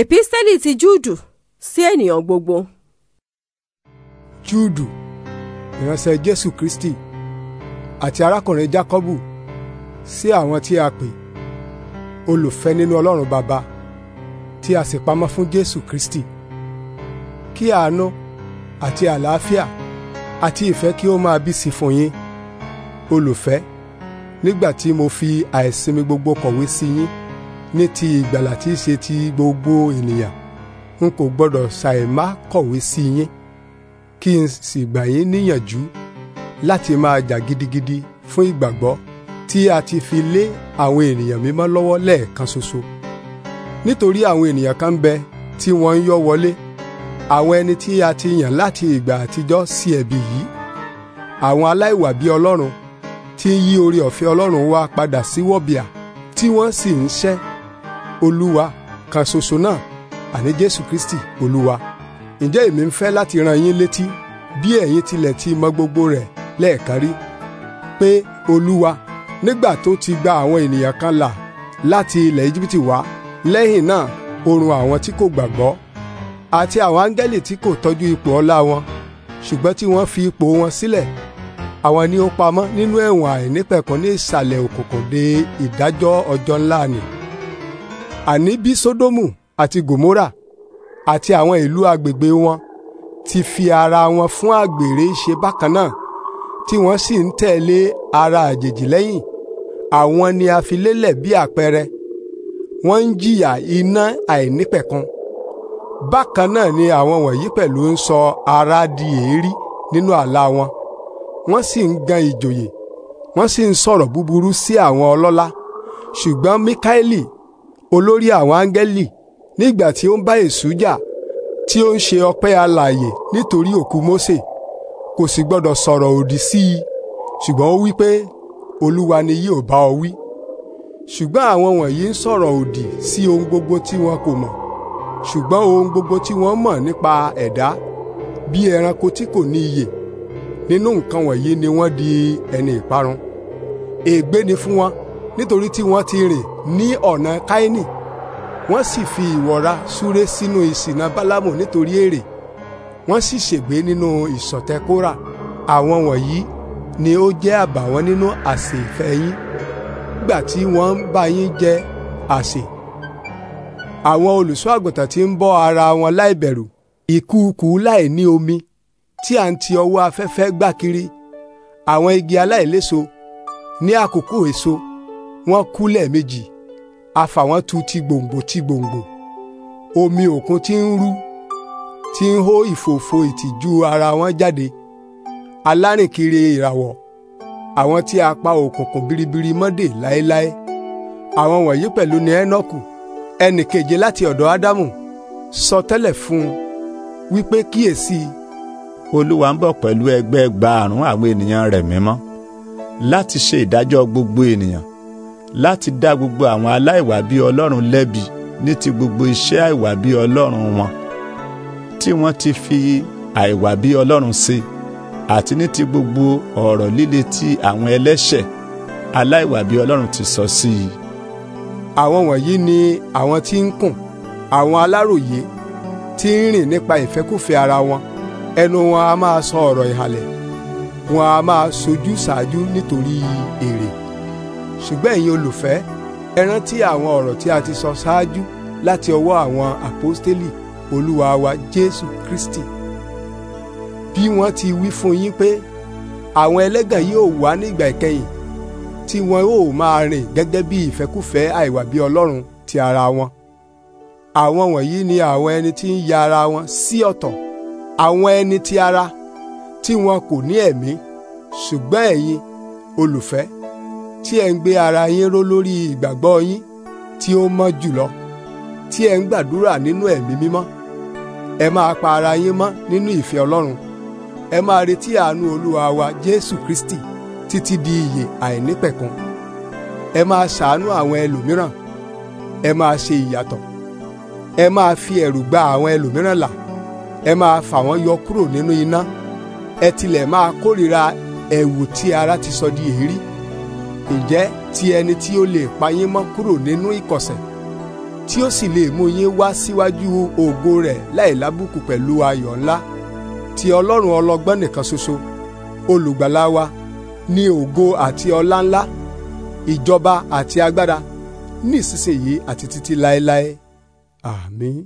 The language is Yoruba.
Èpísítẹ́lì ti Júùdù sí ènìyàn gbogbo. Júùdù ìránṣẹ́ Jésù Kristi àti arákùnrin Jákọ́bù sí àwọn tí a pè olùfẹ́ nínú Ọlọ́run Bàbá tí a sì pamọ́ fún Jésù Kristi kí àánú àti àlàáfíà àti ìfẹ́ kí ó máa bí sí fún yín olùfẹ́ nígbà tí mo fi àìsimi gbogbo kọ̀wé sí yín ní ti ìgbàlà tí í ṣe ti gbogbo ènìyàn n kò gbọdọ̀ ṣàìmá kọ̀wé sí yín kí n sì gbà yín níyànjú láti máa jà gidigidi fún ìgbàgbọ́ tí a ti fi lé àwọn ènìyàn mímọ́ lọ́wọ́ lẹ́ẹ̀kan ṣoṣo nítorí àwọn ènìyàn kan ń bẹ tí wọ́n ń yọ́ wọlé àwọn ẹni tí a ti yàn láti ìgbà àtijọ́ sí ẹ̀bi yìí àwọn aláìwà bí ọlọ́run tí yí oore ọ̀fẹ́ ọlọ́run wá padà sí wọ̀bìà tí wọ́n sì ń ṣẹ́ olúwa kan ṣoṣo náà àní jésù kristi olúwa ǹjẹ́ èmi ń fẹ́ láti rán yín létí bí ẹ̀yin tilẹ̀ ti mọ gbogbo rẹ̀ lẹ́ẹ̀kan rí pé olúwa nígbà tó ti gba àwọn ènìyàn kan là láti ilẹ̀ íjíbítì wá lẹ́yìn náà ó run àwọn tí kò gbàgbọ́ àti àwọn áńgẹ́lì tí kò tọ́jú ipò ọlá wọn ṣùgbọ́n tí wọ́n fi ipò wọn sílẹ̀ àwọn ni ó pamọ́ nínú ẹ̀wọ̀n àìnípẹ̀kun ní ìsàlẹ̀ òkùnkùn de ìdájọ́ ọjọ́ ńlá nìí àní bí sódómù àti gòmórà àti àwọn ìlú agbègbè wọn ti fi ara wọn fún àgbèrè ṣe bákan náà tí wọ́n sì ń tẹ̀lé ara àjèjì lẹ́yìn àwọn ni a fi lélẹ̀ bí àpẹẹrẹ wọ́n ń jìyà iná àìnípẹ̀kun bákan náà ni àwọn wọ̀nyí pẹ̀lú ń sọ ara di èérí nínú àlá wọn wọ́n sì ń gan ìjòyè wọ́n sì ń sọ̀rọ̀ búburú sí àwọn ọlọ́lá ṣùgbọ́n Míkáélì olórí àwọn áńgẹ́lì nígbà tí ó ń bá èṣù jà tí ó ń ṣe ọpẹ́ alààyè nítorí òkú Mósè kò sì gbọ́dọ̀ sọ̀rọ̀ òdì sí i ṣùgbọ́n ó wí pé olúwa ni yóò bá ọ wí ṣùgbọ́n àwọn wọ̀nyí ń sọ̀rọ̀ òdì sí ohun gbogbo tí wọn kò mọ̀ ṣùgbọ́n ohun gbogbo tí wọ́n mọ̀ nípa ẹ̀dá bí ẹranko tí kò ní iyè nínú nǹkan wọ̀nyí ni wọ́n di ẹni ìparun ègbé ni fún wọn nítorí tí wọ́n ti rìn ní ọ̀nà káínì wọ́n sì fi ìwọra súré sínú ìṣìnà bálámù nítorí èrè wọ́n sì ṣègbé nínú ìṣọ̀tẹ̀ kóra àwọn wọ̀nyí ni ó jẹ́ àbàwọ́n nínú àsè ìfẹ́ yín nígbà tí wọ́n ń bá yín jẹ àsè àwọn olùṣọ́ àgùntàn tí ń bọ́ ara wọn láìbẹ̀rù ìkùukù láì ní omi tí à ń ti ọwọ́ afẹ́fẹ́ gbá kiri àwọn igi aláìléso ní àkókò èso. E wọ́n kú lẹ́ẹ̀mejì a fà wọ́n tu ti gbòǹgbò ti gbòǹgbò omi òkun ti ń rú ti ń hó ìfòfò ìtìjú ara wọn jáde alárìnkiri ìràwọ̀ àwọn tí a pa òkùnkùn biribiri mọ́dè láéláé àwọn wọ̀nyí pẹ̀lú ni ẹ́nọ́kù ẹnì keje láti ọ̀dọ̀ ádámù sọ tẹ́lẹ̀ fún un wípé kíyèsí. olúwa ń bọ̀ pẹ̀lú ẹgbẹ́ ẹgbàárún àwọn ènìyàn rẹ̀ mímọ́ láti ṣe ìdájọ́ gbogbo ènìyàn láti dá gbogbo àwọn aláìwàbí ọlọ́run lẹ́bi ní ti gbogbo iṣẹ́ àìwàbí ọlọ́run wọn tí wọ́n ti fi àìwàbí ọlọ́run ṣe àti ní ti gbogbo ọ̀rọ̀ líle tí àwọn ẹlẹ́ṣẹ̀ aláìwàbí ọlọ́run ti sọ sí i. àwọn wọ̀nyí ni àwọn tí ń kùn àwọn aláròyé tí ń rìn nípa ìfẹ́kúfẹ̀ẹ́ ara wọn ẹnu wọn a máa sọ ọ̀rọ̀ ìhàlẹ̀ wọn a máa sojú ṣáájú nítorí èrè. E ṣùgbọ́n ẹ̀yin olùfẹ́ ẹ rántí àwọn ọ̀rọ̀ tí a ti sọ ṣáájú láti ọwọ́ àwọn àpọ́stélì olúwa wa jésù kristi bí wọ́n ti wí fún yín pé àwọn ẹlẹ́gàn yóò wá nígbà ìkẹyìn tí wọn yóò máa rìn gẹ́gẹ́ bí ìfẹ́kúfẹ̀ẹ́ àìwà bí ọlọ́run ti ara wọn àwọn wọ̀nyí ni àwọn ẹni tí ń ya ara wọn sí ọ̀tọ̀ àwọn ẹni ti ara tí wọn kò ní ẹ̀mí ṣùgbọ́n ẹ̀yin olùfẹ́ tí ẹ̀ ń gbé ara yín ró lórí ìgbàgbọ́ yín tí ó mọ́ jùlọ tí ẹ̀ ń gbàdúrà nínú ẹ̀mí mímọ́ ẹ máa pa ara yín mọ́ nínú ìfẹ́ Ọlọ́run ẹ máa retí àánú Olúwa wa Jésù Kristi títí di ìyè àìnípẹ̀kun ẹ máa ṣàánú àwọn ẹlòmíràn ẹ máa ṣe ìyàtọ̀ ẹ máa fi ẹ̀rù gba àwọn ẹlòmíràn là ẹ máa fà wọ́n yọ kúrò nínú iná ẹ tilẹ̀ máa kórìíra ẹ̀wù tí ara ti sọ di èérí. E ǹjẹ́ ti ẹni tí ó lè pa yín mọ́ kúrò nínú ìkọ̀sẹ̀ tí ó sì lè mú yín wá síwájú ògo rẹ̀ láìlábùkù pẹ̀lú ayọ̀ ńlá ti ọlọ́run ọlọ́gbọ́n nìkan ṣoṣo olùgbàlà wa ní ògo àti ọlá ńlá ìjọba àti agbára nísinsìnyí àti títí láéláé àmín.